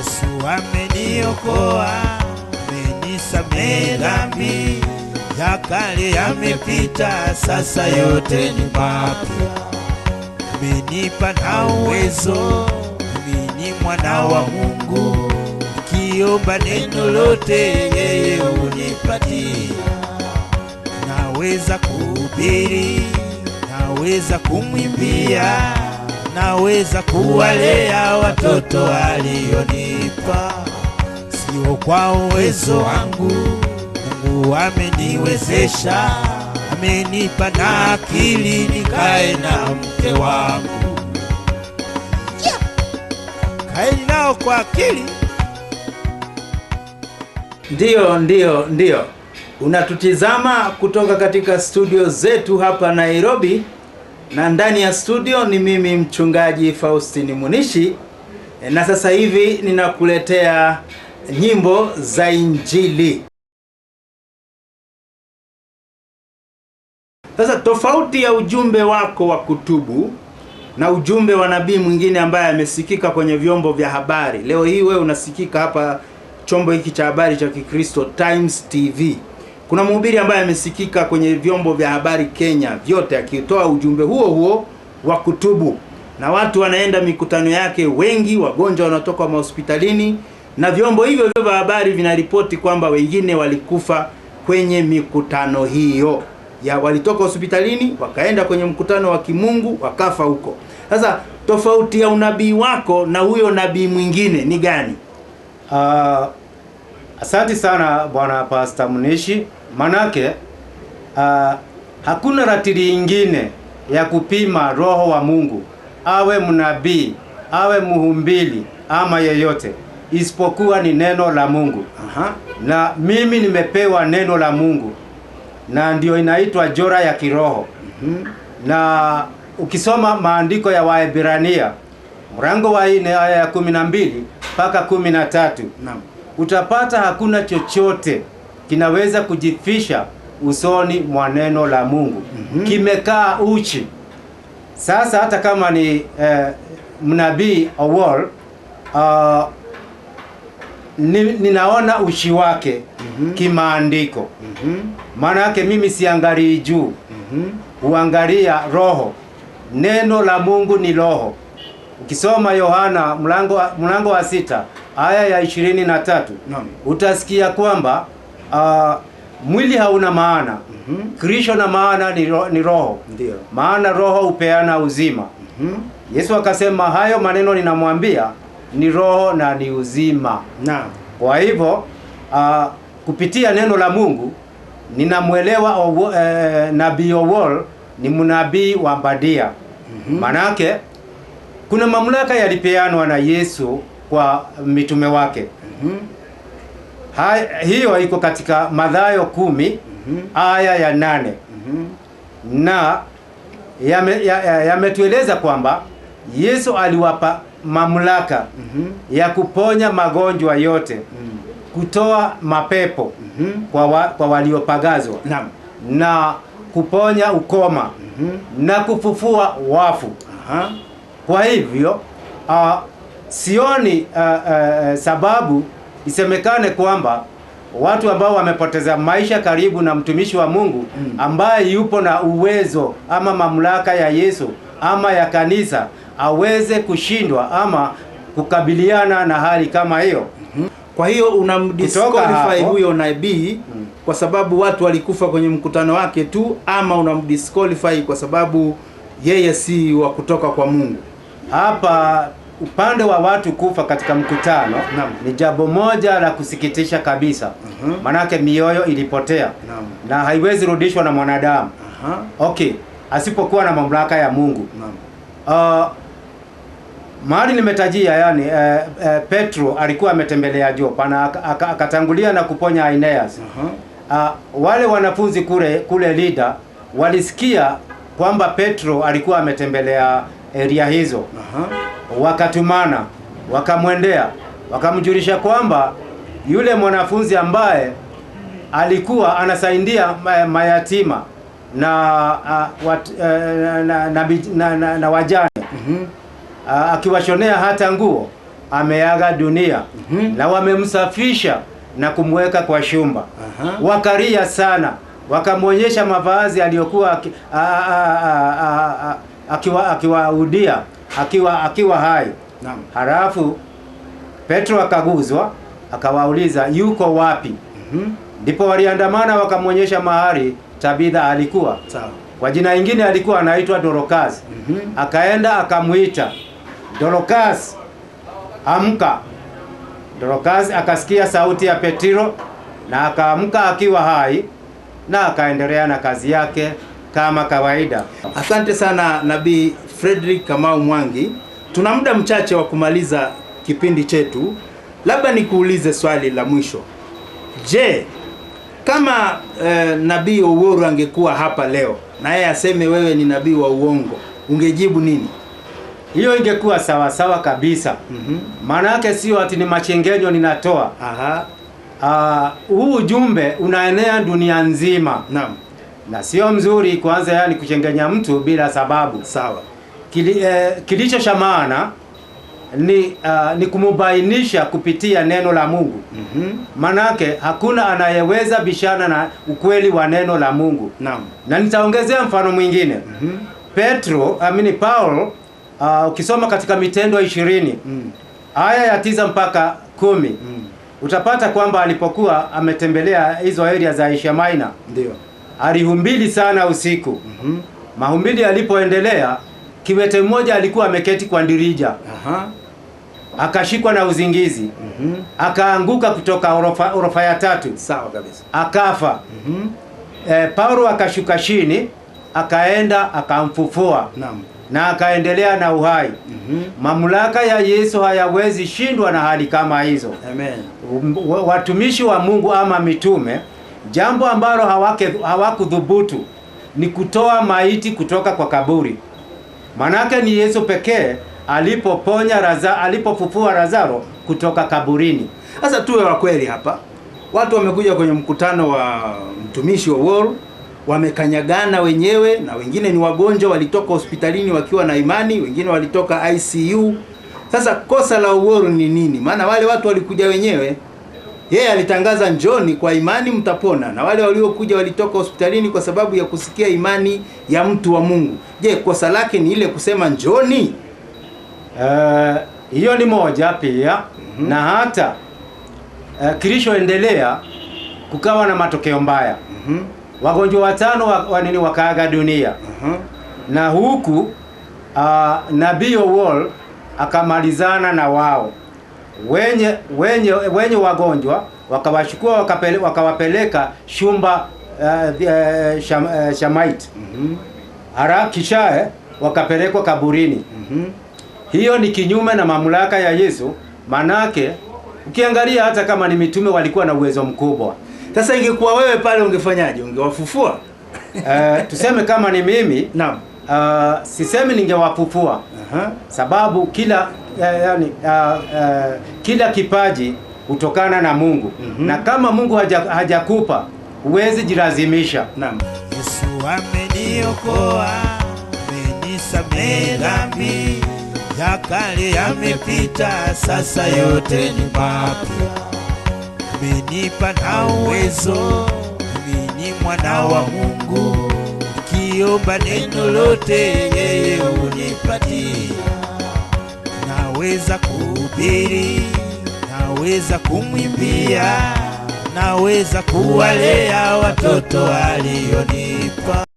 Yesu ameniokoa, amenisamehe dhambi, ya kale yamepita, sasa yote ni mapya. Amenipa na uwezo, mimi ni mwana wa Mungu, nikiomba neno lote yeye hunipatia. Naweza kuhubiri, naweza kumwimbia naweza kuwalea watoto alionipa, sio kwa uwezo wangu. Mungu ameniwezesha, amenipa na akili nikae na mke wangu. Yeah. Kaeni nao kwa akili. Ndiyo, ndiyo, ndiyo. Unatutizama kutoka katika studio zetu hapa Nairobi na ndani ya studio ni mimi mchungaji Faustini Munishi, e, na sasa hivi ninakuletea nyimbo za Injili. Sasa tofauti ya ujumbe wako wa kutubu na ujumbe wa nabii mwingine ambaye amesikika kwenye vyombo vya habari, leo hii wewe unasikika hapa chombo hiki cha habari cha Kikristo Times TV. Kuna mhubiri ambaye amesikika kwenye vyombo vya habari Kenya vyote akitoa ujumbe huo huo wa kutubu, na watu wanaenda mikutano yake wengi, wagonjwa wanatoka mahospitalini, na vyombo hivyo vya habari vinaripoti kwamba wengine walikufa kwenye mikutano hiyo ya walitoka hospitalini wakaenda kwenye mkutano wa kimungu wakafa huko. Sasa tofauti ya unabii wako na huyo nabii mwingine ni gani? Uh, asante sana bwana Pastor Munishi. Manake uh, hakuna ratili ingine ya kupima roho wa Mungu, awe mnabii, awe mhumbili ama yeyote, isipokuwa ni neno la Mungu. Aha. Na mimi nimepewa neno la Mungu na ndio inaitwa jora ya kiroho. Mm -hmm. Na ukisoma maandiko ya Waebrania mrango wa 4 aya ya kumi na mbili mpaka kumi na tatu utapata hakuna chochote kinaweza kujifisha usoni mwa neno la Mungu mm -hmm. Kimekaa uchi. Sasa hata kama ni eh, mnabii Owol uh, ah, ni, ninaona uchi wake mm -hmm. kimaandiko mhm. maana mm -hmm. yake mimi siangalii juu mm huangalia -hmm. roho. Neno la Mungu ni roho. Ukisoma Yohana mlango, mlango wa sita aya ya ishirini na tatu utasikia kwamba uh, mwili hauna maana mm -hmm. Kristo na maana ni, ro, ni roho Ndiyo. maana roho hupeana uzima mm -hmm. Yesu akasema hayo maneno ninamwambia ni roho na ni uzima na. Kwa hivyo uh, kupitia neno la Mungu ninamwelewa uh, nabii Owol ni mnabii wa Badia mm -hmm. Manake kuna mamlaka yalipeanwa na Yesu kwa mitume wake mm -hmm. Ha, hiyo iko katika Mathayo kumi mm -hmm. aya ya nane mm -hmm. na yametueleza ya, ya kwamba Yesu aliwapa mamlaka mm -hmm. ya kuponya magonjwa yote mm -hmm. kutoa mapepo mm -hmm. kwa, wa, kwa waliopagazwa na, na kuponya ukoma mm -hmm. na kufufua wafu. Aha. Kwa hivyo uh, sioni uh, uh, sababu isemekane kwamba watu ambao wamepoteza maisha karibu na mtumishi wa Mungu mm. ambaye yupo na uwezo ama mamlaka ya Yesu ama ya kanisa aweze kushindwa ama kukabiliana na hali kama hiyo. Mm-hmm. Kwa hiyo unamdisqualify huyo nabii mm, kwa sababu watu walikufa kwenye mkutano wake tu, ama unamdisqualify kwa sababu yeye si wa kutoka kwa Mungu? Hapa upande wa watu kufa katika mkutano Naam. ni jambo moja la kusikitisha kabisa uh-huh. Manake mioyo ilipotea Naam. na haiwezi rudishwa na mwanadamu uh-huh. Okay, asipokuwa na mamlaka ya Mungu Naam. Uh, mahali nimetajia yani, uh, uh, Petro alikuwa ametembelea Jopa na akatangulia na kuponya Aineas uh, wale wanafunzi kule kule Lida walisikia kwamba Petro alikuwa ametembelea eria hizo wakatumana, wakamwendea, wakamjulisha kwamba yule mwanafunzi ambaye alikuwa anasaidia mayatima e, na na wajane mhm. akiwashonea hata nguo ameaga dunia mhm. na wamemsafisha na kumweka kwa shumba. Wakaria sana, wakamwonyesha mavazi aliyokuwa akiwaudia akiwa, akiwa hai. Naam. Halafu Petro akaguzwa akawauliza yuko wapi? Mhm. Ndipo mm -hmm. waliandamana wakamwonyesha mahali Tabitha alikuwa. Sawa. Kwa jina ingine alikuwa anaitwa dorokas mm -hmm. Akaenda akamwita dorokas amka. dorokas akasikia sauti ya Petiro na akaamka akiwa hai na akaendelea na kazi yake kama kawaida. Asante sana Nabii Frederick Kamau Mwangi. Tuna muda mchache wa kumaliza kipindi chetu, labda nikuulize swali la mwisho. Je, kama eh, Nabii Owuor angekuwa hapa leo na yeye aseme wewe ni nabii wa uongo, ungejibu nini? Hiyo ingekuwa sawa sawa kabisa. Mhm. Maana mm -hmm. yake sio ati ni machengenyo ninatoa. Aha. Uh, huu ujumbe unaenea dunia nzima. Naam. Na sio mzuri kuanza yani kuchengenya mtu bila sababu. Sawa. Kili, eh, kilicho cha maana ni, uh, ni kumubainisha kupitia neno la Mungu. mm -hmm. Manake hakuna anayeweza bishana na ukweli wa neno la Mungu. Naam. Na nitaongezea mfano mwingine. mm -hmm. Petro, amini Paul uh, ukisoma katika Mitendo ishirini mm. aya ya tisa mpaka kumi mm. utapata kwamba alipokuwa ametembelea hizo area za Asia Minor, ndio alihumbili sana usiku. mm -hmm. Mahumbili alipoendelea Kiwete mmoja alikuwa ameketi kwa ndirija. Aha. Akashikwa na uzingizi. Mm -hmm. Akaanguka kutoka orofa, orofa ya tatu. Sawa kabisa. Akafa. Mm -hmm. E, Paulo akashuka chini, akaenda akamfufua. Naam. Na akaendelea na uhai. Mm -hmm. Mamlaka ya Yesu hayawezi shindwa na hali kama hizo. Amen. Um, watumishi wa Mungu ama mitume, jambo ambalo hawakudhubutu ni kutoa maiti kutoka kwa kaburi. Manake ni Yesu pekee alipoponya Lazaro, alipofufua Lazaro kutoka kaburini. Sasa tuwe wa kweli hapa. Watu wamekuja kwenye mkutano wa mtumishi wa World wamekanyagana wenyewe, na wengine ni wagonjwa walitoka hospitalini wakiwa na imani, wengine walitoka ICU. Sasa kosa la World ni nini? Maana wale watu walikuja wenyewe yeye alitangaza njoni kwa imani mtapona, na wale waliokuja walitoka hospitalini kwa sababu ya kusikia imani ya mtu wa Mungu. Je, kosa lake ni ile kusema njoni? Eh, hiyo uh, ni moja pia mm -hmm. na hata uh, kilichoendelea kukawa na matokeo mbaya mm -hmm. wagonjwa watano wanini wakaaga dunia mm -hmm. na huku uh, nabii Owol akamalizana na wao wenye, wenye, wenye wagonjwa wakawachukua wakapele, wakawapeleka shumba uh, uh, sham, uh, mm -hmm. kisha wakapelekwa kaburini mm -hmm. Hiyo ni kinyume na mamlaka ya Yesu, manake ukiangalia hata kama ni mitume walikuwa na uwezo mkubwa. Sasa ingekuwa wewe pale ungefanyaje? Ungewafufua? Uh, tuseme kama ni mimi naam uh, sisemi ningewapupua uh -huh. sababu kila uh, yani, uh, uh, kila kipaji hutokana na Mungu mm -hmm. na kama Mungu hajakupa haja huwezi jirazimisha. Naam. ya kale yamepita, sasa yote ni mapya. Amenipa na uwezo, mimi ni mwana wa Mungu Nikiomba neno lote, yeye unipatia. Naweza kuhubiri, naweza kumwimbia, naweza kuwalea watoto alionipa.